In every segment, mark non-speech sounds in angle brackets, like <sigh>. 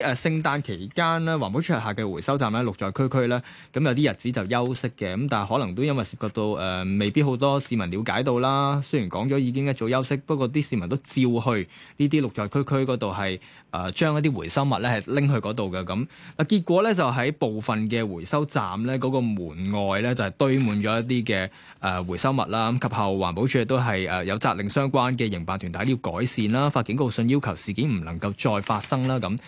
誒，聖誕期間咧，環保署下嘅回收站咧，綠在區區咧，咁有啲日子就休息嘅，咁但係可能都因為涉及到誒、呃，未必好多市民了解到啦。雖然講咗已經一早休息，不過啲市民都照去呢啲綠在區區嗰度係誒，將、呃、一啲回收物咧係拎去嗰度嘅。咁嗱，結果咧就喺部分嘅回收站咧，嗰、那個門外咧就係、是、堆滿咗一啲嘅誒回收物啦。咁及後環保署亦都係誒有責令相關嘅營辦團體要改善啦，發警告信要求事件唔能夠再發生啦。咁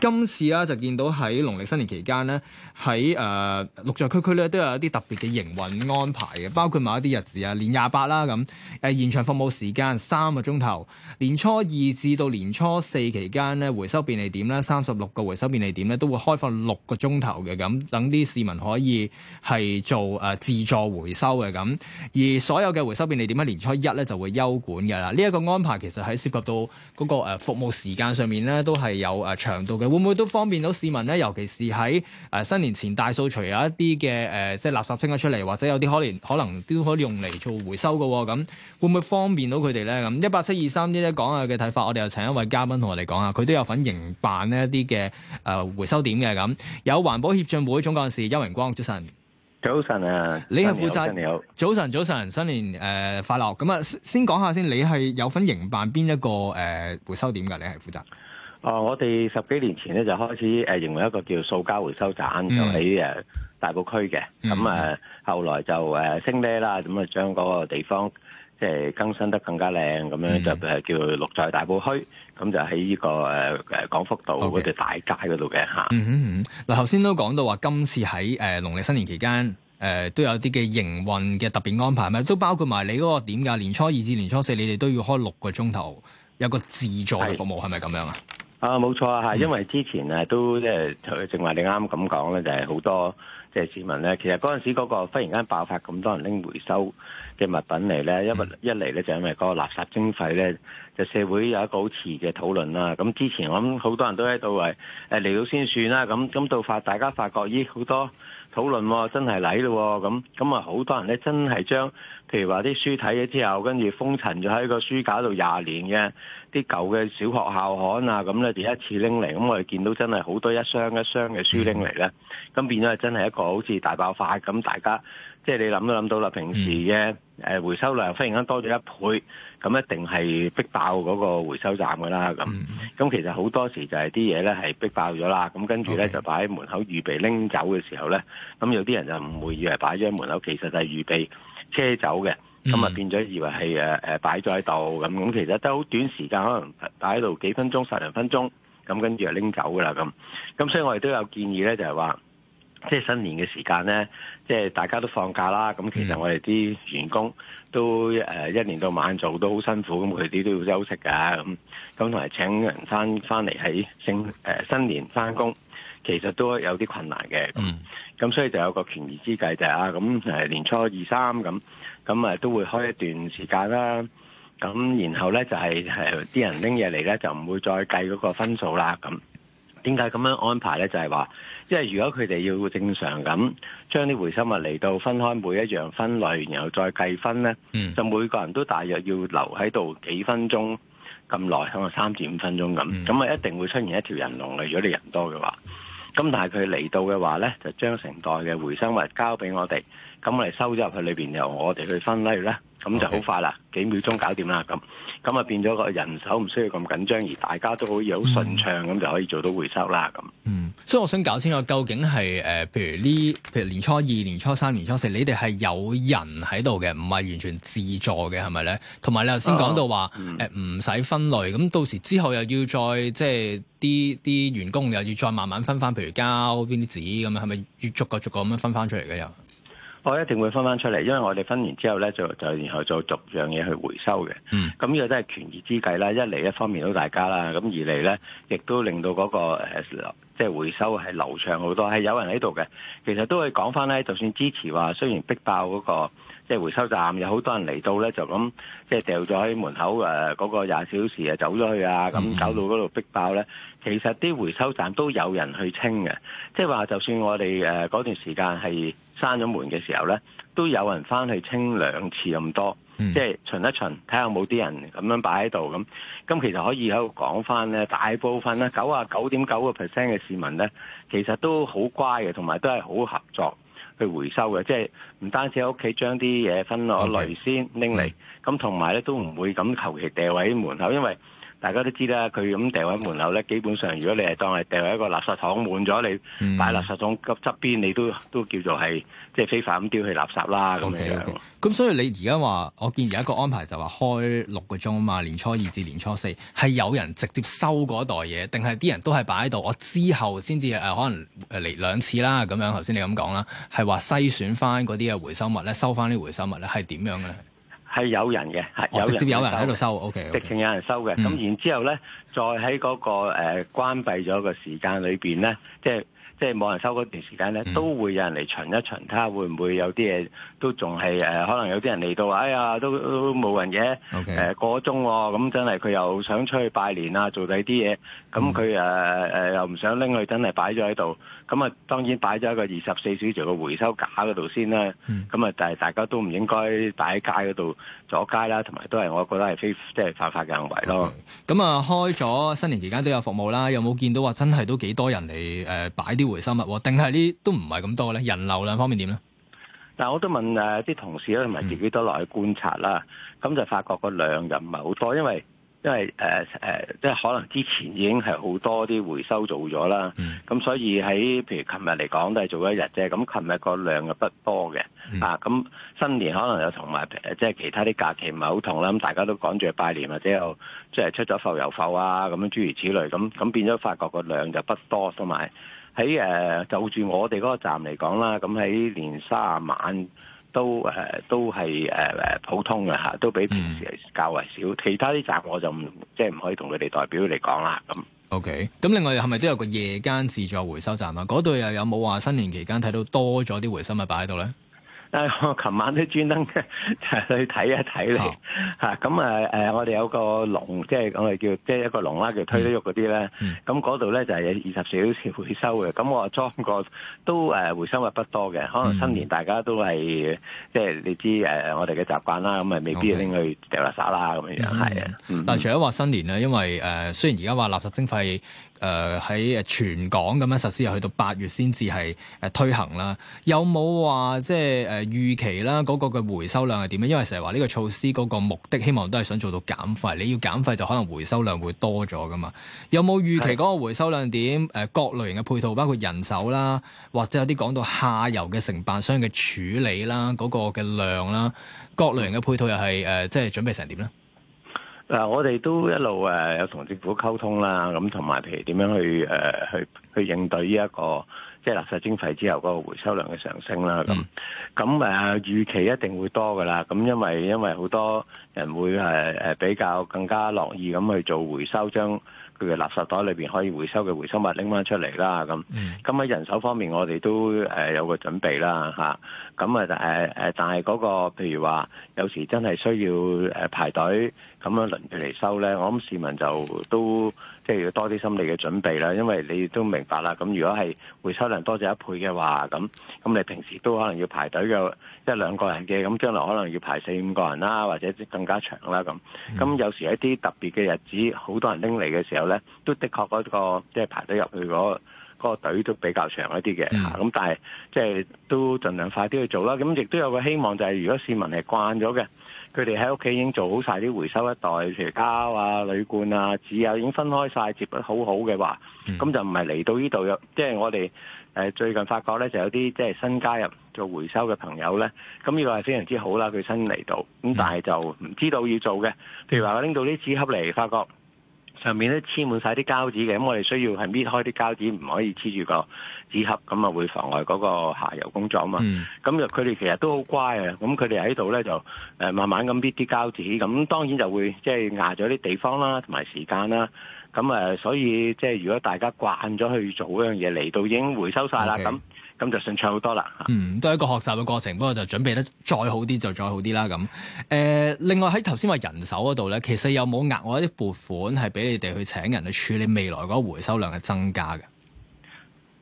今次啊就見到喺農曆新年期間咧，喺、呃、誒陸續區區咧都有一啲特別嘅營運安排嘅，包括某一啲日子啊，年廿八啦咁，誒現場服務時間三個鐘頭。年初二至到年初四期間咧，回收便利點啦，三十六個回收便利點咧都會開放六個鐘頭嘅咁，等啲市民可以係做誒、呃、自助回收嘅咁。而所有嘅回收便利點咧年初一咧就會休館嘅啦。呢、這、一個安排其實喺涉及到個誒服務時間上面咧，都係有誒長度嘅。會唔會都方便到市民咧？尤其是喺誒新年前大掃除有一啲嘅誒，即係垃圾清咗出嚟，或者有啲可能可能都可以用嚟做回收嘅喎、哦。咁會唔會方便到佢哋咧？咁一八七二三呢？講下嘅睇法，我哋又請一位嘉賓同我哋講下。佢都有份營辦呢一啲嘅誒回收點嘅。咁有環保協進會總幹事邱榮光早晨。早晨啊！你係負責。早晨，早晨，新年誒、呃、快樂！咁啊，先講下先，你係有份營辦邊一個誒、呃、回收點嘅？你係負責。哦，我哋十幾年前咧就開始誒營運一個叫塑膠回收站，嗯、就喺誒大埔區嘅。咁啊、嗯，後來就誒升呢啦，咁啊將嗰個地方即係更新得更加靚，咁樣、嗯、就誒叫綠在大埔區，咁就喺呢個誒誒廣福道嗰條大街嗰度嘅嚇。嗱、嗯，頭先都講到話今次喺誒農曆新年期間誒都有啲嘅營運嘅特別安排咩？都包括埋你嗰、嗰個點㗎？年初二至年初四，你哋都要開六個鐘頭，有個自助嘅服務，係咪咁樣啊？啊，冇錯啊，係、嗯、因為之前咧都即係正話你啱咁講咧，就係、是、好多即係、就是、市民咧，其實嗰陣時嗰個忽然間爆發咁多人拎回收嘅物品嚟咧，因為一物一嚟咧就因為嗰個垃圾徵費咧，就社會有一個好遲嘅討論啦。咁之前我諗好多人都喺度話，誒、哎、嚟到先算啦。咁咁到發大家發覺，咦、哎、好多。討論喎，真係嚟咯咁，咁啊好多人咧，真係將譬如話啲書睇咗之後，跟住封塵咗喺個書架度廿年嘅啲舊嘅小學校刊啊，咁咧第一次拎嚟，咁我哋見到真係好多一箱一箱嘅書拎嚟咧，咁變咗真係一個好似大爆發咁，大家。即係你諗都諗到啦，平時嘅誒回收量忽然間多咗一倍，咁一定係逼爆嗰個回收站㗎啦。咁咁其實好多時就係啲嘢咧係逼爆咗啦。咁跟住咧就擺喺門口預備拎走嘅時候咧，咁有啲人就唔會以為擺咗喺門口，其實就係預備車走嘅，咁啊變咗以為係誒誒擺咗喺度。咁咁其實都好短時間，可能擺喺度幾分鐘、十零分鐘，咁跟住就拎走㗎啦。咁咁所以我哋都有建議咧，就係話。即係新年嘅時間咧，即係大家都放假啦。咁其實我哋啲員工都誒一年到晚做都好辛苦，咁佢哋都要休息㗎。咁咁同埋請人返返嚟喺新年返工，其實都有啲困難嘅。咁咁、嗯、所以就有個權宜之計就係、是、啊，咁年初二三咁，咁啊都會開一段時間啦。咁然後咧就係啲人拎嘢嚟咧，就唔、是、會再計嗰個分數啦。咁點解咁樣安排呢？就係、是、話，因為如果佢哋要正常咁將啲回收物嚟到分開每一樣分類，然後再計分呢，嗯、就每個人都大約要留喺度幾分鐘咁耐，可能三至五分鐘咁，咁啊、嗯、一定會出現一條人龍啦。如果你人多嘅話，咁但係佢嚟到嘅話呢，就將成袋嘅回收物交俾我哋，咁我哋收咗入去裏邊，由我哋去分類呢咁就好快啦，Okay. 幾秒鐘搞掂啦咁，咁啊變咗個人手唔需要咁緊張，而大家都可以好順暢咁、嗯、就可以做到回收啦咁。嗯，所以我想搞清楚究竟係誒、呃，譬如呢，譬如年初二、年初三、年初四，你哋係有人喺度嘅，唔係完全自助嘅係咪咧？同埋你頭先講到話誒，唔使分類，咁到時之後又要再即係啲啲員工又要再慢慢分翻，譬如交邊啲紙咁啊，係咪要逐個逐個咁樣分翻出嚟嘅又？我一定會分翻出嚟，因為我哋分完之後咧，就就，就然後就逐樣嘢去回收嘅。咁呢個都係權宜之計啦，一嚟一方便到大家啦，咁二嚟咧亦都令到嗰個誒即係回收係流暢好多，係有人喺度嘅。其實都會講翻咧，就算支持話，雖然逼爆嗰個。即係回收站有好多人嚟到咧，就咁即係掉咗喺門口誒嗰、呃嗰個廿小時啊走咗去啊，咁搞到嗰度逼爆咧。其實啲回收站都有人去清嘅，即係話就算我哋誒嗰段時間係閂咗門嘅時候咧，都有人翻去清兩次咁多，嗯、即係巡一巡睇下有冇啲人咁樣擺喺度咁。咁其實可以喺度講翻咧，大部分咧九啊九點九個 percent 嘅市民咧，其實都好乖嘅，同埋都係好合作。去回收嘅，即係唔單止喺屋企將啲嘢分落類 Okay. 先拎嚟，咁同埋咧都唔會咁求其掟喺門口，因為。大家都知啦，佢咁掉喺門口咧，基本上如果你係當係掉喺一個垃圾桶滿咗，你擺、嗯、垃圾桶側側邊，你都都叫做係即係非法咁丟棄垃圾啦咁 Okay, okay. 樣。咁所以你而家話，我見而家個安排就話開六個鐘啊嘛，年初二至年初四係有人直接收嗰袋嘢，定係啲人都係擺喺度，我之後先至、呃、可能嚟、呃、兩次啦咁樣。頭先你咁講啦，係話篩選翻嗰啲嘅回收物咧，收翻啲回收物咧，係點樣嘅咧？係有人嘅，係、哦、有人嘅嘅，接有人喺度收，O、okay, K，、okay, 直情有人收嘅。咁、嗯、然之後咧，再喺嗰個誒關閉咗個時間裏邊咧，嗯、即係即係冇人收嗰段時間咧，嗯、都會有人嚟巡一巡，睇下會唔會有啲嘢。都仲係誒，可能有啲人嚟到話，哎呀，都都冇人嘅，誒過咗鐘喎，咁、哦、真係佢又想出去拜年啊，做第啲嘢，咁佢誒又唔想拎去，真係擺咗喺度，咁啊當然擺咗一個二十四小時嘅回收架嗰度先啦，咁啊但係大家都唔應該擺喺街嗰度阻街啦，同埋都係我覺得係非即係、就是、犯法嘅行為咯。咁啊、okay. 嗯、開咗新年期間都有服務啦，有冇見到話真係都幾多人嚟誒、呃、擺啲回收物定係呢？都唔係咁多咧？人流量方面點咧？但我都問誒啲、啊、同事咧同埋自己都落去觀察啦，咁、嗯、就發覺個量就唔係好多，因為因為誒、呃呃、即係可能之前已經係好多啲回收做咗啦，咁、嗯、所以喺譬如琴日嚟講都係做一日啫，咁琴日個量就不多嘅，嗯、啊咁新年可能又同埋即係其他啲假期唔係好同啦，咁大家都趕住去拜年或者又即係出咗埠又埠啊，咁樣諸如此類，咁咁變咗發覺個量就不多同埋。喺誒就住我哋嗰個站嚟講啦，咁喺年卅晚都誒、呃、都係誒誒普通嘅嚇，都比平時係較為少。其他啲站我就唔即係唔可以同佢哋代表嚟講啦。咁 OK，咁另外係咪都有個夜間自助回收站啊？嗰度又有冇話新年期間睇到多咗啲回收物擺喺度咧？但我琴晚都專登嘅，去睇一睇你吓。咁、哦、啊、呃、我哋有個籠，即係我哋叫即係一個籠啦，叫推得郁嗰啲咧。咁嗰度咧就係二十四小時回收嘅。咁我裝過都誒、呃、回收物不多嘅，可能新年大家都係、嗯、即係你知誒、呃、我哋嘅習慣啦。咁啊未必拎去掉垃圾啦咁、嗯、樣。啊。嗯、但係除咗話新年咧，因為誒、呃、雖然而家話垃圾徵費。誒喺、呃、全港咁樣實施，又去到八月先至係誒推行啦。有冇話即係誒、呃、預期啦？嗰、那個嘅回收量係點咧？因為成日話呢個措施嗰個目的，希望都係想做到減費。你要減費就可能回收量會多咗噶嘛？有冇預期嗰個回收量點？誒、呃、各類型嘅配套，包括人手啦，或者有啲講到下游嘅承辦商嘅處理啦，嗰、那個嘅量啦，各類型嘅配套又係誒、呃、即係準備成點咧？嗱、啊，我哋都一路誒、啊、有同政府溝通啦，咁同埋譬如點樣去誒、啊、去去應對呢、這、一個即係垃圾徵費之後個回收量嘅上升啦，咁咁、嗯啊、預期一定會多㗎喇，咁、啊、因為因為好多人會誒、啊、比較更加樂意咁去做回收將佢嘅垃圾袋裏邊可以回收嘅回收物拎翻出嚟啦，咁咁喺人手方面我哋都誒、呃、有個準備啦嚇，咁啊誒誒，但係嗰、那個譬如話有時真係需要誒排隊，咁樣輪住嚟收咧，我諗市民就都。即係要多啲心理嘅準備啦，因為你都明白啦。咁如果係回收量多咗一倍嘅話，咁咁你平時都可能要排隊嘅一兩個人嘅，咁將來可能要排四五個人啦，或者更加長啦咁。咁有時候一啲特別嘅日子，好多人拎嚟嘅時候呢，都的確嗰、那個即係、就是、排隊入去嗰個隊都比較長一啲嘅，咁但係即、就是、都盡量快啲去做啦。咁亦都有個希望就係、是，如果市民係慣咗嘅，佢哋喺屋企已經做好晒啲回收，一袋膠啊、鋁罐啊、紙啊，已經分開晒，接得好好嘅話，咁、嗯、就唔係嚟到呢度。即、就、係、是、我哋、呃、最近發覺咧，就有啲即係新加入做回收嘅朋友咧，咁呢個係非常之好啦。佢新嚟到，咁、嗯、但係就唔知道要做嘅。譬如話，拎到啲紙盒嚟，發覺，上面咧黐滿晒啲膠紙嘅，咁我哋需要係搣開啲膠紙，唔可以黐住個紙盒，咁啊會妨礙嗰個下游工作啊嘛。咁佢哋其實都好乖啊，咁佢哋喺度咧就誒慢慢咁搣啲膠紙，咁當然就會即係壓咗啲地方啦，同埋時間啦。咁誒、呃，所以即係如果大家慣咗去做嗰樣嘢，嚟到已經回收晒啦，咁咁 Okay. 就順暢好多啦。嗯，都係一個學習嘅過程，不過就準備得再好啲就再好啲啦。咁誒、呃，另外喺頭先話人手嗰度咧，其實有冇額外啲撥款係俾你哋去請人去處理未來嗰回收量嘅增加嘅？誒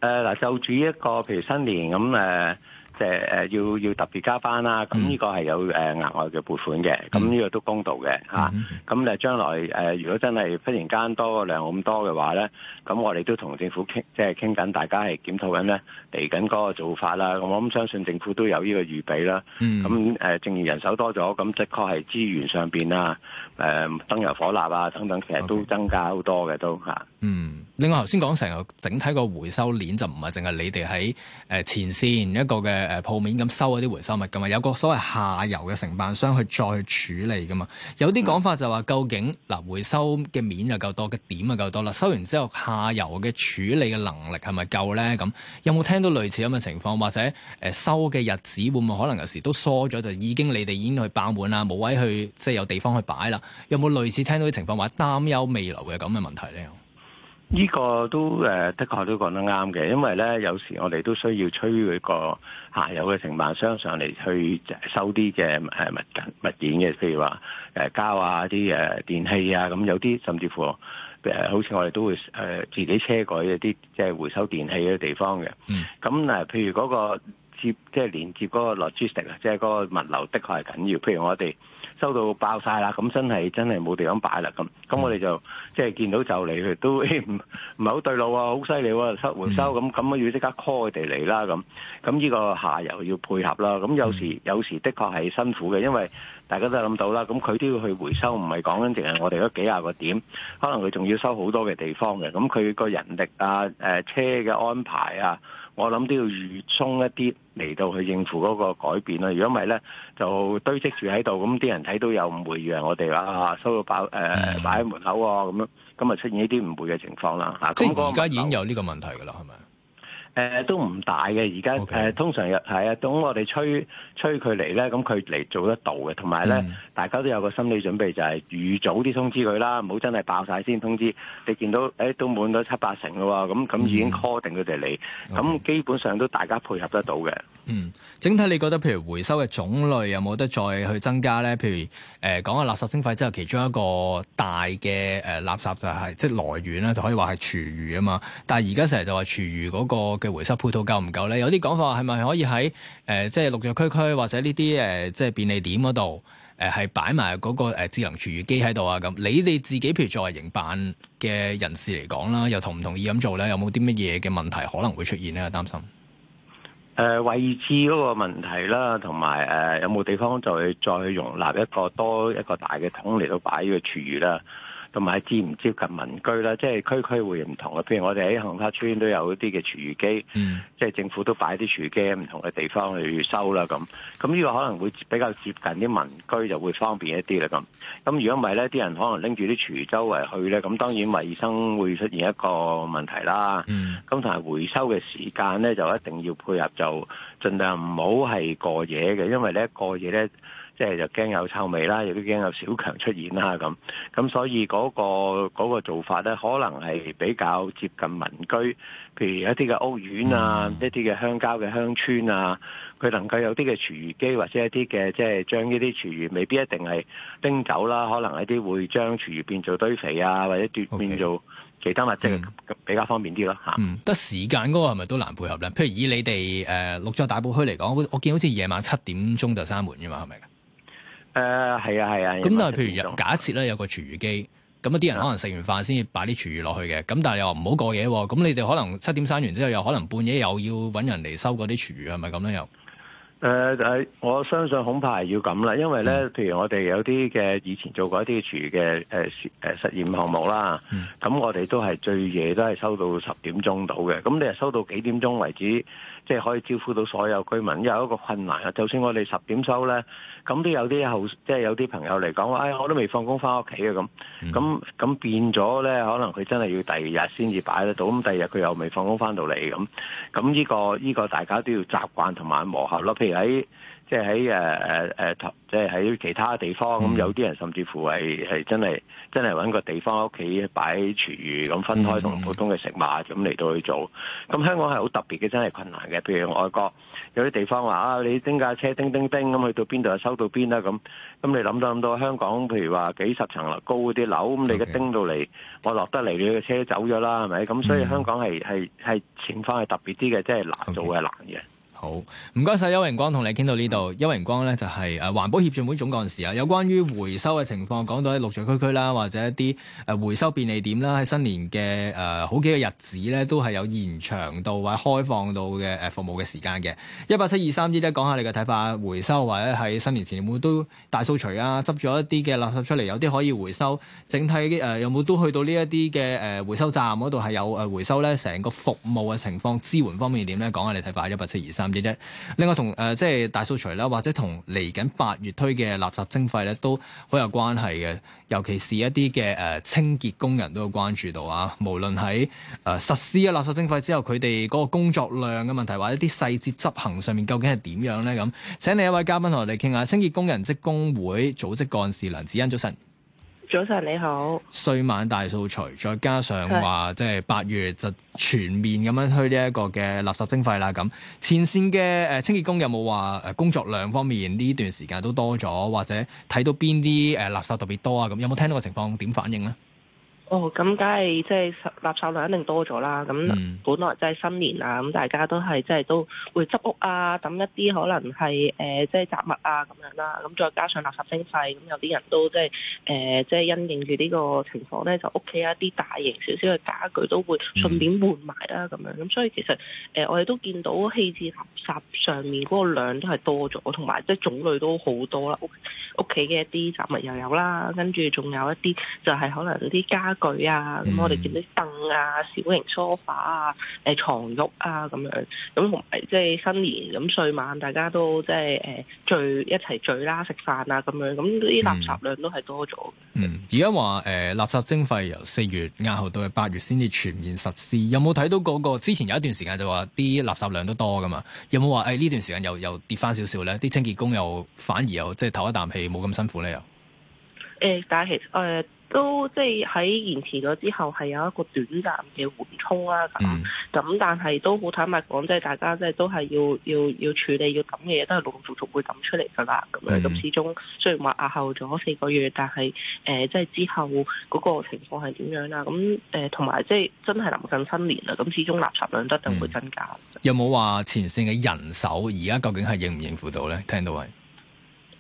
嗱、呃，就住一個譬如新年咁誒。即係誒要要特別加班啦，咁呢個係有誒額外嘅撥款嘅，咁呢、嗯、個都公道嘅嚇。咁你、嗯嗯嗯啊、將來誒、呃、如果真係忽然間多個量咁多嘅話咧，咁我哋都同政府傾，即係傾緊，大家係檢討緊咧嚟緊嗰個做法啦。咁我諗相信政府都有呢個預備啦。咁誒、嗯呃，正如人手多咗，咁的確係資源上邊啊，誒、呃、燈油火蠟啊等等，其實都增加好多嘅都嚇。啊嗯，另外頭先講成個整體個回收鏈就唔係淨係你哋喺前線一個嘅誒鋪面咁收嗰啲回收物噶嘛，有個所謂下游嘅承辦商去再去處理噶嘛。有啲講法就話，究竟嗱回收嘅面又夠多，嘅點又夠多啦？收完之後下游嘅處理嘅能力係咪夠咧？咁有冇聽到類似咁嘅情況，或者收嘅日子會唔會可能有時都疏咗，就已經你哋已經去爆滿啦，冇位去即係有地方去擺啦？有冇類似聽到啲情況，或者擔憂未來嘅咁嘅問題咧？呢個都誒、呃，的確都講得啱嘅，因為咧有時我哋都需要催佢個下游嘅承辦商上嚟去收啲嘅物物件嘅，譬如話膠啊啲誒電器啊，咁有啲甚至乎、呃、好似我哋都會誒、呃、自己車改一啲即係回收電器嘅地方嘅。咁譬、嗯呃、如嗰、嗰個。接即係連接嗰個 logistics 啊，即係嗰個物流的確係緊要。譬如我哋收到爆晒啦，咁真係真係冇地咁擺啦。咁咁我哋就即係見到就嚟，佢都唔係好對路啊，好犀利喎，收回收咁咁要即刻 call 佢哋嚟啦。咁咁呢個下游要配合啦。咁有時有時的確係辛苦嘅，因為大家都諗到啦。咁佢都要去回收，唔係講緊淨係我哋嗰幾廿個點，可能佢仲要收好多嘅地方嘅。咁佢個人力啊，誒車嘅安排啊。我諗都要預衷一啲嚟到去應付嗰個改變啦。如果唔係咧，就堆積住喺度，咁啲人睇到有誤會，以為我哋啊收咗包誒擺喺門口那就、嗯、啊。咁樣咁啊出現呢啲誤會嘅情況啦。即係而家已經有呢個問題噶啦，係咪？誒、呃、都唔大嘅，而家誒通常又係啊，等我哋催催佢嚟咧，咁佢嚟做得到嘅，同埋咧大家都有個心理準備，就係、是、預早啲通知佢啦，唔好真係爆晒先通知。你見到誒、欸、都滿咗七八成嘅喎，咁咁已經 call 定佢哋嚟，咁、mm. 基本上都大家配合得到嘅。嗯，整體你覺得譬如回收嘅種類有冇得再去增加咧？譬如誒講下垃圾徵費之後，其中一個大嘅誒垃圾就係、是、即係來源啦，就可以話係廚餘啊嘛。但係而家成日就話廚餘嗰個嘅回收配套夠唔夠咧？有啲講法係咪可以喺誒、呃、即係綠在區區或者呢啲誒即係便利店嗰度誒係擺埋嗰個智能廚餘機喺度啊？咁你哋自己譬如作為營辦嘅人士嚟講啦，又同唔同意咁做咧？有冇啲乜嘢嘅問題可能會出現咧？我擔心。誒，位置嗰個問題啦，同埋誒有冇地方再去再去容納一個多一個大嘅桶嚟到擺呢個廚餘啦。同埋接唔接近民居啦，即係區區會唔同啦。譬如我哋喺杏花村都有啲嘅廚餘機，mm. 即係政府都擺啲廚餘機喺唔同嘅地方去收啦。咁咁呢個可能會比較接近啲民居，就會方便一啲啦。咁咁如果唔係呢啲人可能拎住啲廚餘周圍去呢。咁當然衛生會出現一個問題啦。咁同埋回收嘅時間呢，就一定要配合，就盡量唔好係過夜嘅，因為呢過夜呢。即係就驚有臭味啦，亦都驚有小強出現啦咁。咁所以嗰個嗰個做法咧，可能係比較接近民居，譬如一啲嘅屋苑啊，嗯、一啲嘅鄉郊嘅鄉村啊，佢能夠有啲嘅廚餘機，或者一啲嘅即係將呢啲廚餘未必一定係拎走啦，可能一啲會將廚餘變做堆肥啊，或者 okay, 變做其他物質，嗯、比較方便啲咯嚇。得時間嗰個係咪都難配合咧？譬如以你哋誒綠在大埔區嚟講，我見好似夜晚七點鐘就閂門嘅嘛，係咪？誒，係、呃、啊，係啊。咁但係，譬如假設咧有個廚餘機，咁啊啲人可能食完飯先要擺啲廚餘落去嘅。咁但係又唔好過夜喎。咁你哋可能七點閂完之後，又可能半夜又要揾人嚟收嗰啲廚餘，係咪咁咧？又，誒誒，我相信恐怕係要咁啦。因為咧，嗯、譬如我哋有啲嘅以前做過一啲廚餘嘅誒誒實驗項目啦。咁、嗯、我哋都係最夜都係收到十點鐘到嘅。咁你係收到幾點鐘為止？即係可以招呼到所有居民，有一個困難啊！就算我哋十點收呢，咁都有啲後，即係有啲朋友嚟講話，唉，我都未放工翻屋企啊！咁咁咁變咗呢，可能佢真係要第二日先至擺得到。咁第二日佢又未放工翻到嚟咁，咁呢個呢個大家都要習慣同埋磨合咯。譬如喺，即係喺誒誒誒，即係喺其他地方咁，嗯、有啲人甚至乎係係真係真係揾個地方屋企擺廚餘咁，分開同普通嘅食物咁嚟到去做。咁、嗯嗯、香港係好特別嘅，真係困難嘅。譬如外國有啲地方話啊，你叮架車叮叮叮咁去到邊度就收到邊啦咁。咁你諗到咁多，香港譬如話幾十層樓高嗰啲樓，咁你嘅叮到嚟，嗯、我落得嚟你嘅車走咗啦，係咪？咁所以香港係係係錢方係特別啲嘅，即係難做嘅、嗯嗯、難嘅。好，唔該晒邱榮光和你到這裏，同你傾到呢度。邱榮光咧就係誒環保協進會總幹事啊。有關於回收嘅情況講到喺綠在區區啦，或者一啲誒回收便利點啦，喺新年嘅誒、呃、好幾個日子咧，都係有延長到或者開放到嘅誒、呃、服務嘅時間嘅。23, 一八七二三，依咧講下你嘅睇法。回收或者喺新年前有冇都大掃除啊，執咗一啲嘅垃圾出嚟，有啲可以回收。整體誒有冇都去到呢一啲嘅誒回收站嗰度係有誒、呃、回收咧？成個服務嘅情況支援方面點咧？講下你睇法。一八七二三。啫？另外同誒、呃，即係大掃除啦，或者同嚟緊八月推嘅垃圾徵費咧，都好有關係嘅。尤其是一啲嘅誒清潔工人都有關注到啊。無論喺誒實施咗垃圾徵費之後，佢哋嗰個工作量嘅問題，或者啲細節執行上面究竟係點樣咧？咁，請另一位嘉賓同我哋傾下清潔工人職工會組織幹事梁芷茵，早晨。早晨你好，歲晚大掃除，再加上話即係八月就全面咁樣去呢一個嘅垃圾徵費啦。咁，前線嘅誒清潔工有冇話誒工作量方面呢段時間都多咗，或者睇到邊啲誒垃圾特別多啊？咁有冇聽到個情況點反應咧？哦，咁梗係即係垃圾量一定多咗啦。咁本來即係新年啊，咁大家都係即係都會執屋啊，抌一啲可能係即係雜物啊咁樣啦。咁再加上垃圾徵費，咁有啲人都即係即係因應住呢個情況咧，就屋企一啲大型少少嘅家具都會順便換埋啦咁樣。咁所以其實、呃、我哋都見到棄置垃圾上面嗰個量都係多咗，同埋即係種類都好多啦。屋屋企嘅一啲雜物又有啦，跟住仲有一啲就係可能啲家具。具啊，咁我哋見到凳啊、小型梳化啊、誒牀褥啊咁樣，咁同埋即係新年咁歲晚，大家都即係誒聚一齊聚啦、食飯啊咁樣，咁啲垃圾量都係多咗。嗯，而家話誒垃圾徵費由四月押後到八月先至全面實施，有冇睇到嗰、那個之前有一段時間就話啲垃圾量都多噶嘛？有冇話誒呢段時間又又跌翻少少咧？啲清潔工又反而又即係唞一啖氣，冇咁辛苦咧？又誒、呃，但係其實誒。呃都即係喺延遲咗之後，係有一個短暫嘅緩衝啦。咁咁，但係都好坦白講，即係大家即係都係要要要處理要揼嘅嘢，都係陸陸續續會揼出嚟噶啦。咁樣咁，始終雖然話押後咗四個月，但係誒即係之後嗰個情況係點樣啦？咁誒同埋即係真係臨近新年啦。咁始終垃圾量得就會增加，嗯。有冇話前線嘅人手而家究竟係應唔應付到咧？聽到係。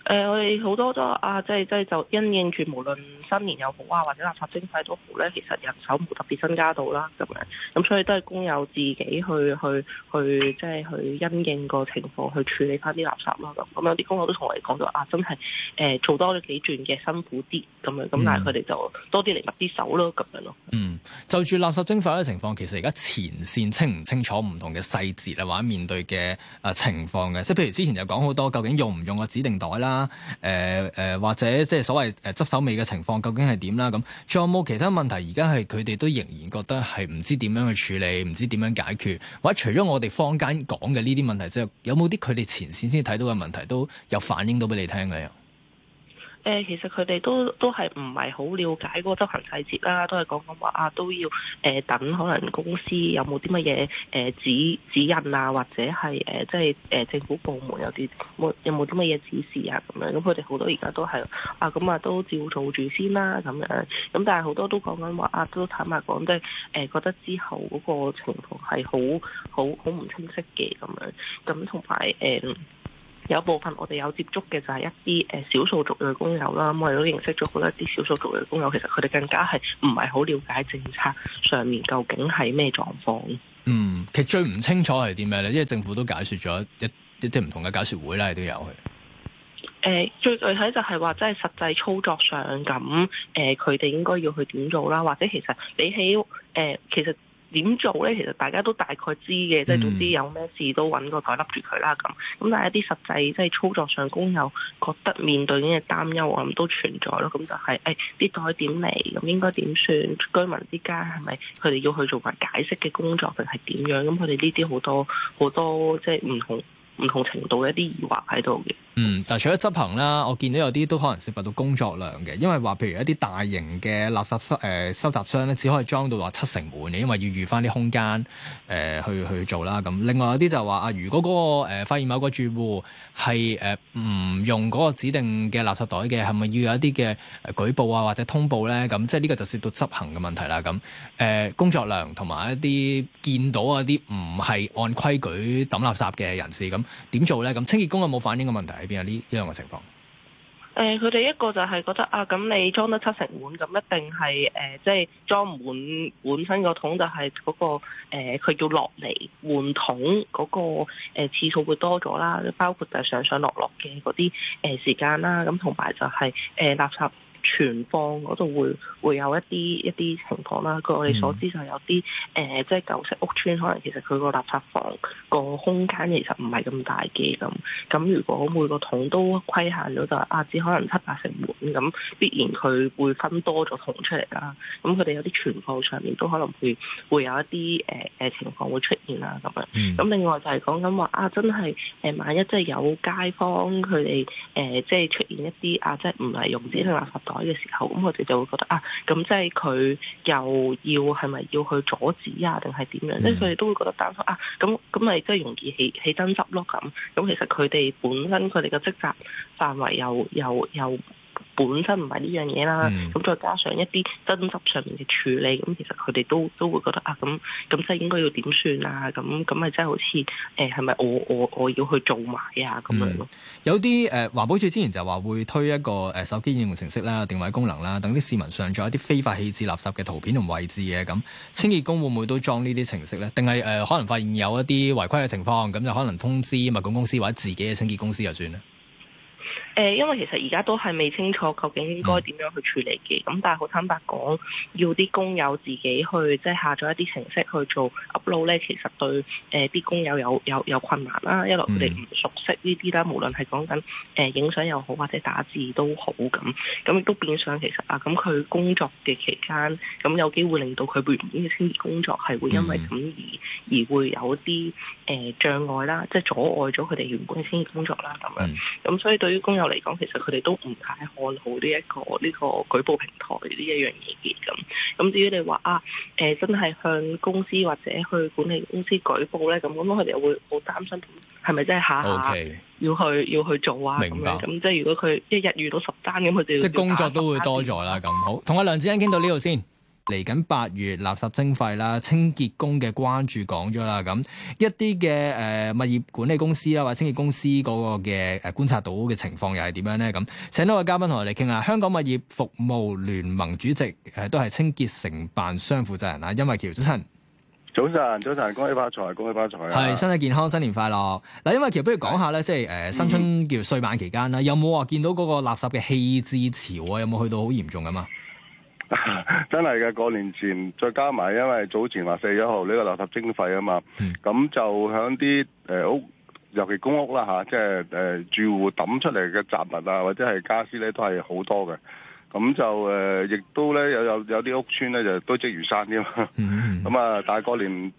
誒、呃，我哋好多都啊，即係即係就因應住無論新年又好啊，或者垃圾徵費都好咧，其實人手冇特別增加到啦，咁樣、嗯，咁所以都係工友自己去、嗯、去去，即係去因應個情況去處理翻啲垃圾啦。咁咁有啲工友都同我哋講咗啊，真係誒、呃、做多咗幾轉嘅辛苦啲，咁樣，咁但係佢哋就多啲嚟握啲手咯，咁樣咯。嗯、嗯，就住垃圾徵費嘅情況，其實而家前線清唔清楚唔同嘅細節啊，或者面對嘅啊情況嘅，即係譬如之前有講好多，究竟用唔用個指定袋啦？誒誒、呃呃，或者即係所謂誒執手尾嘅情況，究竟係點啦？咁仲有冇其他問題？而家係佢哋都仍然覺得係唔知點樣去處理，唔知點樣解決，或者除咗我哋坊間講嘅呢啲問題之外，即係有冇啲佢哋前線先睇到嘅問題，都有反映到俾你聽嘅？誒，其實佢哋都都係唔係好了解嗰個執行細節啦，都係講緊話啊，都要誒、呃、等可能公司有冇啲乜嘢誒指指引啊，或者係誒即係誒政府部門有啲冇有冇啲乜嘢指示啊咁樣，咁佢哋好多而家都係啊，咁啊都照做住先啦咁樣，咁但係好多都講緊話啊，都坦白講即係誒覺得之後嗰個情況係好好好唔清晰嘅咁樣，咁同埋誒。有部分我哋有接觸嘅就係一啲誒少數族裔工友啦，咁我哋都認識咗好多一啲少數族裔工友，其實佢哋更加係唔係好了解政策上面究竟係咩狀況？嗯，其實最唔清楚係啲咩咧？因為政府都解説咗一一啲唔同嘅解説會啦，亦都有佢。誒、呃，最具體就係話，即係實際操作上咁，誒、呃，佢哋應該要去點做啦？或者其實比起誒、呃，其實。點做咧？其實大家都大概知嘅、嗯，即係總之有咩事都揾個袋笠住佢啦咁。咁但係一啲實際即係操作上，工友覺得面對呢嘅擔憂，咁都存在咯。咁就係誒啲袋點嚟？咁應該點算？居民之間係咪佢哋要去做埋解釋嘅工作，定係點樣？咁佢哋呢啲好多好多即係唔同。唔同程度嘅一啲疑惑喺度嘅。嗯，但除咗執行啦，我見到有啲都可能涉及到工作量嘅，因為話譬如一啲大型嘅垃圾收、呃、收集箱咧，只可以裝到話七成滿嘅，因為要預翻啲空間、呃、去去做啦。咁另外有啲就係話啊，如果嗰、嗰個發、呃、發現某個住戶係唔、呃、用嗰個指定嘅垃圾袋嘅，係咪要有一啲嘅舉報啊或者通報咧？咁即係呢個就涉及到執行嘅問題啦。咁、呃、工作量同埋一啲見到一啲唔係按規矩抌垃圾嘅人士咁。點做呢？咁清潔工有冇反映個問題喺邊啊？呢呢兩個情況，佢哋、呃、一個就係覺得啊，咁你裝得七成滿，咁一定係誒，即、呃、係、就是、裝滿本身個桶就係嗰、那個誒，佢、呃、叫落嚟換桶嗰、那個誒、呃、次數會多咗啦，包括就是上上落落嘅嗰啲誒時間啦，咁同埋就係、是、誒、呃、垃圾。存放嗰度會會有一啲一啲情況啦。據我哋所知，就有啲誒，即、呃、係、就是、舊式屋邨，可能其實佢個垃圾房個空間其實唔係咁大嘅。咁咁，如果每個桶都規限咗就啊，只可能七八成滿咁，必然佢會分多咗桶出嚟啦。咁佢哋有啲存放上面都可能會會有一啲誒誒情況會出現啊咁樣。咁、嗯、另外就係講緊話啊，真係誒，萬一即係有街坊佢哋誒，即係出現一啲啊，即係唔係用啲垃圾袋嘅時候，咁我哋就會覺得啊，咁即係佢又要係咪要去阻止啊，定係點樣？即係佢哋都會覺得擔心啊，咁咁咪即係容易起起爭執咯。咁咁其實佢哋本身佢哋嘅職責範圍又又又，又本身唔係呢樣嘢啦，咁、嗯、再加上一啲真執上面嘅處理，咁其實佢哋都都會覺得啊，咁咁即係應該要點算啊？咁咁咪即係好似誒係咪我我我要去做埋啊？咁樣咯。有啲誒，環、呃、保署之前就話會推一個誒、呃、手機應用程式啦、定位功能啦，等啲市民上載一啲非法棄置垃圾嘅圖片同位置嘅咁，清潔工會唔會都裝呢啲程式咧？定係誒可能發現有一啲違規嘅情況，咁就可能通知物管公司或者自己嘅清潔公司就算咧。誒，因為其實而家都係未清楚究竟應該點樣去處理嘅，咁、嗯、但係好坦白講，要啲工友自己去即係下載一啲程式去做 upload 咧，load，其實對誒啲工友有有有困難啦，一來佢哋唔熟悉呢啲啦，無論係講緊誒影相又好或者打字都好咁，咁亦都變相其實啊，咁佢工作嘅期間，咁有機會令到佢原本嘅清潔工作係會因為咁而、嗯、而，而會有啲誒、呃、障礙啦，即係阻礙咗佢哋員工嘅清潔工作啦，咁樣，咁、嗯、所以對於工友。嚟講，其實佢哋都唔太看好呢、這、一個呢、這個舉報平台呢一樣嘢嘅咁。咁至於你話啊，誒、呃，真係向公司或者去管理公司舉報咧，咁咁，佢哋又會好擔心是不是，係咪真係下下，要去要去做啊？明白。咁即係如果佢一日遇到十單，咁佢哋即係工作都會多咗啦。咁好，同阿梁芷茵傾到呢度先。嚟緊八月垃圾徵費啦，清潔工嘅關注講咗啦，咁一啲嘅誒物業管理公司啦，或者清潔公司嗰個嘅誒、呃、觀察到嘅情況又係點樣咧？咁請多位嘉賓同我哋傾下，香港物業服務聯盟主席誒、呃，都係清潔承辦商負責人啊，甄韋喬早晨。早晨，早晨，恭喜發財，恭喜發財、啊。係身體健康，新年快樂。嗱，甄韋喬不如講下咧，是即係誒、呃、新春叫歲晚期間啦，有冇話見到嗰個垃圾嘅棄置潮啊？有冇去到好嚴重噶嘛？ <laughs> 真係嘅，過年前再加埋，因為早前話四月一號呢個垃圾徵費啊嘛，咁、嗯、就響啲誒屋，尤其公屋啦吓，即係誒住戶抌出嚟嘅雜物啊，或者係家私咧都係好多嘅，咁就誒、呃、亦都咧有有有啲屋村咧就堆積如山添，咁啊大過年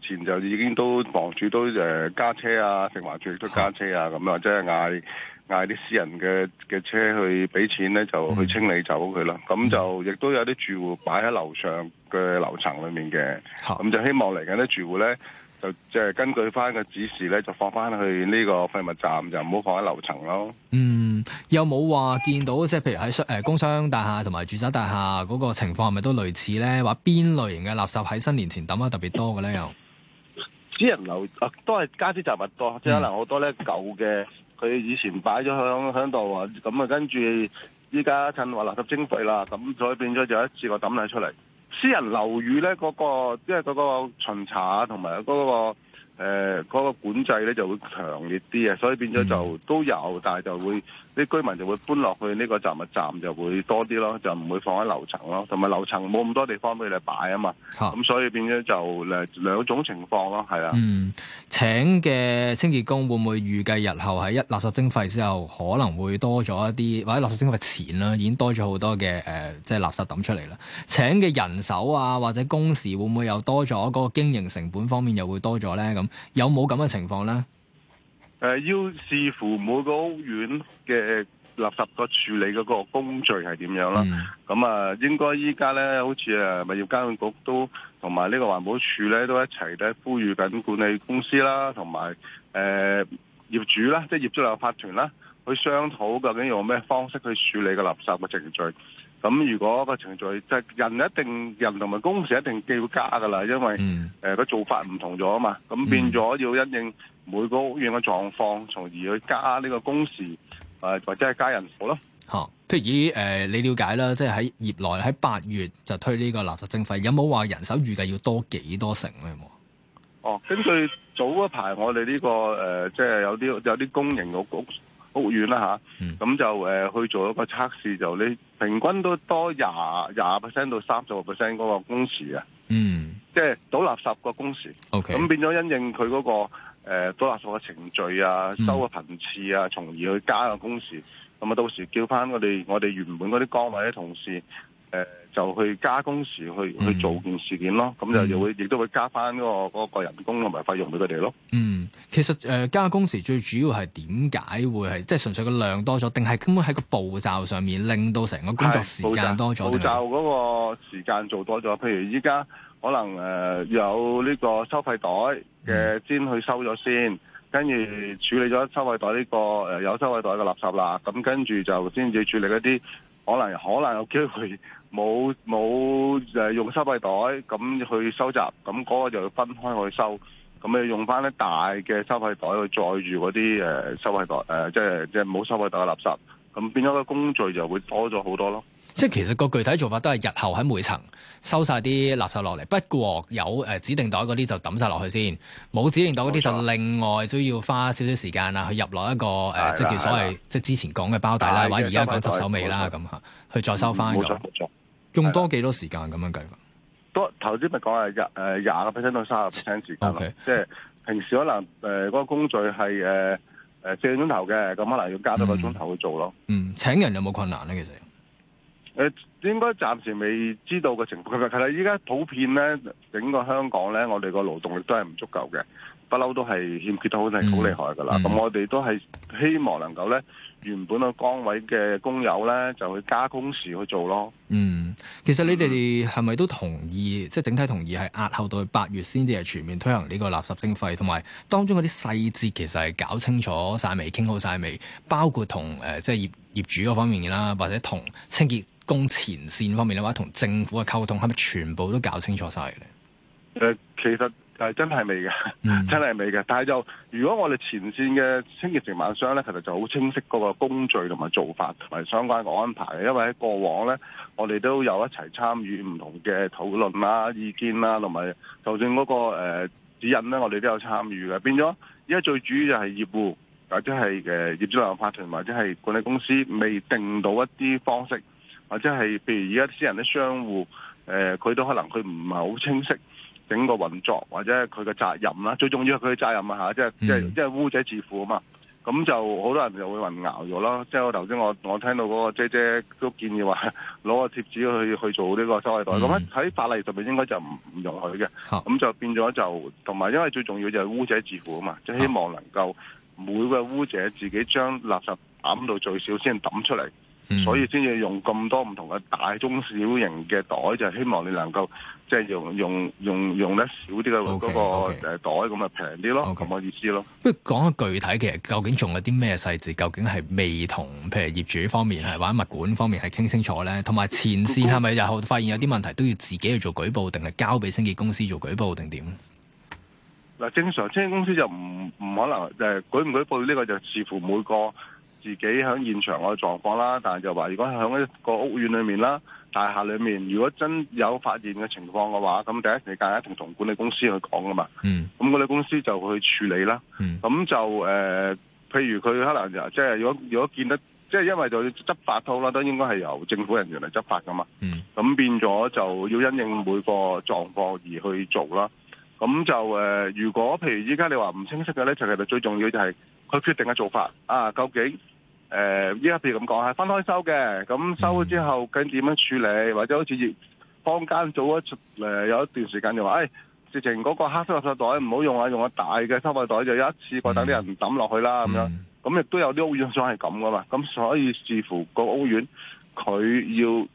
前就已經都房署都誒加車啊，食環署都加車啊，咁啊，即係嗌。嗌啲私人嘅嘅車去俾錢咧，就去清理走佢啦。咁、嗯、就亦都有啲住戶擺喺樓上嘅樓層裏面嘅，咁、嗯、就希望嚟緊啲住戶咧，就即係根據翻個指示咧，就放翻去呢個廢物站，就唔好放喺樓層咯。嗯，有冇話見到即係譬如喺商誒工商大廈同埋住宅大廈嗰個情況係咪都類似咧？話邊類型嘅垃圾喺新年前抌得特別多嘅咧？又私人樓啊，都係加啲雜物多，即係、嗯、可能好多咧舊嘅。佢以前擺咗響響度啊，咁啊跟住依家趁話垃圾徵費啦，咁所以變咗就一次過抌曬出嚟。私人樓宇咧，嗰、嗰個即係嗰個巡查啊，同埋嗰個。誒嗰、呃嗰個管制咧就會強烈啲啊，所以變咗就都有，但係就會啲居民就會搬落去呢、呢個雜物站就會多啲咯，就唔會放喺樓層咯，同埋樓層冇咁多地方俾你擺啊嘛。咁所以變咗就兩兩種情況咯，係啊。嗯，請嘅清潔工會唔會預計日後喺一垃圾徵費之後可能會多咗一啲，或者垃圾徵費前啦，已經多咗好多嘅、呃、即係垃圾抌出嚟啦。請嘅人手啊，或者工時會唔會又多咗？嗰、嗰個經營成本方面又會多咗咧？咁有冇咁嘅情況咧？誒，要視乎每個屋苑嘅垃圾個處理嗰個工序係點樣啦。咁啊、mm.，應該依家咧，好似誒物業監管局都同埋呢個環保署咧，都一齊咧呼籲緊管理公司啦，同埋誒業主啦，即係業主立法團啦。去商討究竟用咩方式去處理個垃圾嘅程序，咁如果個程序即係、就是、人一定人同埋工時一定要加噶啦，因為誒個、嗯呃、做法唔同咗啊嘛，咁變咗要因應每個屋苑嘅狀況，從而去加呢個工時，誒或者係加人，好咯。吓、啊，譬如以誒、呃、你了解啦，即係喺業內喺八月就推呢個垃圾徵費，有冇話人手預計要多幾多成咧？哦有冇、啊，根據早一排我哋呢、這個誒，即、呃、係、就是、有啲有啲公營局。好遠啦吓，咁、啊、就誒、呃、去做一個測試，就你平均都多廿廿 percent 到三十、個 percent 嗰個工時啊，嗯，即係倒垃圾個工時，咁 Okay. 變咗因應佢嗰、嗰個誒、呃、倒垃圾嘅程序啊、收嘅頻次啊，從而去加個工時，咁啊、嗯、到時叫翻我哋我哋原本嗰啲崗位啲同事誒。呃就去加工時去、嗯、去做件事件咯，咁就亦會亦都、嗯、會加翻嗰個人工同埋費用俾佢哋咯。嗯，其實誒、呃、加工時最主要係點解會係即係純粹個量多咗，定係根本喺個步驟上面令到成個工作時間多咗？步驟嗰個時間做多咗，譬如依家可能誒、呃、有呢個收費袋嘅先去收咗先，跟住處理咗收費袋呢、呢個誒、呃、有收費袋嘅垃圾啦，咁跟住就先至處理一啲可能可能有機會。冇冇誒用收費袋咁去收集，咁、那、嗰個就要分開去收，咁你用翻啲大嘅收費袋去載住嗰啲誒收費袋誒、呃，即係即係冇收費袋嘅垃圾，咁變咗個工序就會多咗好多咯。即係其實個具體做法都係日後喺每層收晒啲垃圾落嚟，不過有誒指定袋嗰啲就抌晒落去先，冇指定袋嗰啲就另外都要花少少時間啦，去入落一個誒錯即係叫所謂的即係之前講嘅包底啦，的或者而家講執手尾啦咁吓，去再收翻、那個。用多幾多時間咁的樣計法？多頭先咪講啊，廿誒廿個 percent 到三十 percent 時間咯，即係 Okay. 平時可能誒嗰、呃那個工序係誒誒四個鐘頭嘅，咁可能要加多個鐘頭去做咯嗯。嗯，請人有冇困難咧？其實？呃應該暫時未知道個情況。其實依家普遍咧，整個香港咧，我哋個勞動力都係唔足夠嘅，不嬲都係欠缺得好係好厲害㗎啦。咁、嗯、我哋都係希望能夠咧，原本個崗位嘅工友咧，就去加工時去做咯。嗯，其實你哋係咪都同意，即係整體同意係押後到八月先至係全面推行呢個垃圾徵費，同埋當中嗰啲細節其實係搞清楚晒未、傾好晒未，包括同誒、呃、即係業業主嗰方面啦，或者同清潔公廁。前線方面嘅話，同政府嘅溝通係咪全部都搞清楚曬咧？誒、呃，其實誒真係未嘅，真係未嘅。但係、嗯、就如果我哋前線嘅清潔承辦商咧，其實就好清晰嗰個工序同埋做法同埋相關嘅安排。因為喺過往咧，我哋都有一齊參與唔同嘅討論啦、啊、意見啦、啊，同埋就算嗰、那個、呃、指引咧，我哋都有參與嘅。變咗而家最主要就係業戶或者係誒、呃、業主立案法團或者係管理公司未定到一啲方式。或者係譬如而家私人啲商戶，誒、呃、佢都可能佢唔係好清晰整個運作，或者佢嘅責任啦。最重要係佢嘅責任啊，即係即係即係污者自負啊嘛。咁就好多人就會混淆咗咯。即係我頭先我我聽到嗰個姐姐都建議話攞個貼紙去去做呢個收費袋咁咧，喺、嗯、法例上面應該就唔唔容許嘅。咁就變咗就同埋，因為最重要就係污者自負啊嘛，即係希望能夠每個污者自己將垃圾揼到最少先揼出嚟。嗯、所以先至用咁多唔同嘅大中小型嘅袋，就希望你能夠即係用用用用得少啲嘅個誒袋，咁啊平啲咯。咁嘅 Okay. 意思咯。不如講下具體，其實究竟仲有啲咩細節，究竟係未同譬如業主方面，係或者物管方面係傾清楚咧？同埋前綫係咪日後發現有啲問題，都要自己去做舉報，定係交俾清潔公司做舉報，定點？嗱，正常清潔公司就唔唔可能誒，就係，舉唔舉報呢，呢個就視乎每個。自己喺現場嘅狀況啦，但係就話如果喺一個屋苑裏面啦，大廈裏面，如果真有發現嘅情況嘅話，咁第一時間一定同管理公司去講噶嘛。嗯。咁管理公司就會去處理啦。咁、嗯、就誒、呃，譬如佢可能就即、是、係如果如果見得，即、就、係、是、因為就要執法套啦，都應該係由政府人員嚟執法噶嘛。咁、嗯、變咗就要因應每個狀況而去做啦。咁就、呃、如果譬如依家你話唔清晰嘅咧，就其實最重要就係佢決定嘅做法啊，究竟。誒依家譬如咁講係分開收嘅，咁收咗之後究竟點、嗯、樣處理，或者好似坊間做一誒有一段時間就話，誒、哎、直情嗰個黑色垃圾袋唔好用啊，用個大嘅收費袋就有一次過等啲人抌落去啦咁、嗯、樣，咁亦、嗯、都有啲屋苑想係咁噶嘛，咁所以視乎個屋苑佢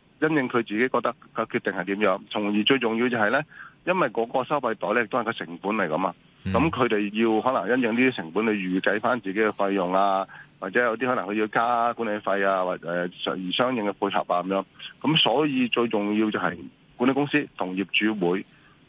要因應佢自己覺得個決定係點樣，從而最重要就係咧，因為嗰個收費袋咧都係個成本嚟噶嘛，咁佢哋要可能因應呢啲成本去預計翻自己嘅費用啊。或者有啲可能佢要加管理費啊，或者而相應嘅配合啊咁樣，咁所以最重要就係管理公司同業主會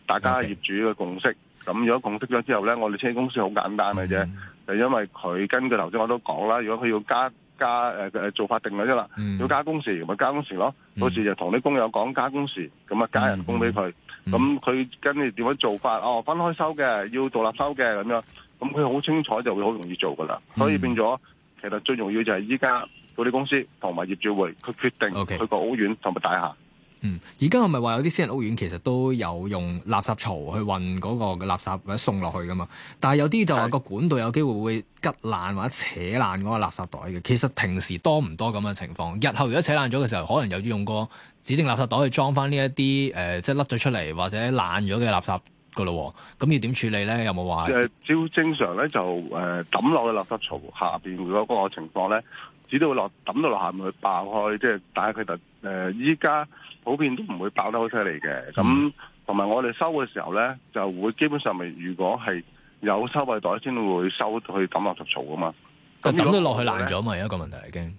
大家業主嘅共識。咁 Okay. 如果共識咗之後咧，我哋車公司好簡單嘅啫，就、mm hmm. 因為佢根據頭先我都講啦，如果佢要加加誒、呃、做法定嘅啫啦，mm hmm. 要加工時咪加工時咯，mm hmm. 到時就同啲工友講加工時，咁啊加人工俾佢。咁佢跟住點樣做法？哦，分開收嘅，要獨立收嘅咁樣。咁佢好清楚就會好容易做噶啦，mm hmm. 所以變咗。其實最重要就係依家嗰啲公司同埋業主會佢決定去個屋苑同埋大廈、okay。嗯，而家係咪話有啲私人屋苑其實都有用垃圾槽去運嗰個嘅垃圾或者送落去噶嘛，但係有啲就話個管道有機會會吉爛或者扯爛嗰個垃圾袋嘅。其實平時多唔多咁嘅情況？日後如果扯爛咗嘅時候，可能又要用個指定垃圾袋去裝翻呢一啲誒，即係甩咗出嚟或者爛咗嘅垃圾。噶咯，咁要點處理咧？有冇話？誒，照正常咧就誒抌落去垃圾槽下邊，如果嗰個情況咧，只要落到落抌到落下面去爆開，即係，但係佢就誒依家普遍都唔會爆得好犀利嘅。咁同埋我哋收嘅時候咧，就會基本上咪，如果係有收費袋，先會收去抌垃圾槽噶嘛。咁抌到落去爛咗嘛，一個問題呢已經。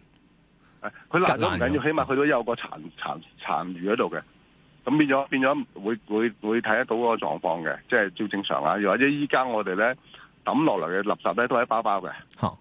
誒，佢爛咗唔緊要，起碼佢都有個殘殘殘餘喺度嘅。咁變咗變咗會會會睇得到個狀況嘅，即係照正常包包啊！又或者依家我哋咧抌落嚟嘅垃圾咧都係一包包嘅。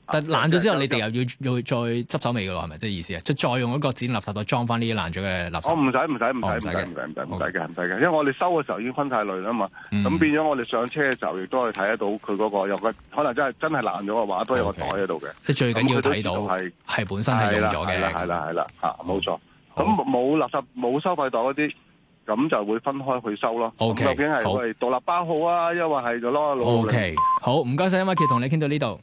但係爛咗之後，就是、你哋又要、就是、要再執手尾嘅喎，係咪即係意思啊？即、就、係、是、再用一個剪垃圾袋裝翻呢啲爛咗嘅垃圾。我唔使唔使唔使唔使嘅唔使嘅唔使嘅，因為我哋收嘅時候已經分太類啦嘛。咁 Okay。變咗我哋上車嘅時候，亦都可以睇得到佢嗰個有個可能真係真係爛咗嘅話，都有個袋喺度嘅。即係最緊要睇到係係本身係用咗嘅，係啦係啦嚇，冇、啊、錯。咁冇 Okay。垃圾冇收費袋嗰啲。咁就會分開去收咯。究竟係為獨立包好啊，抑或係囉？ok，你好唔該晒。Michael 同你傾到呢度。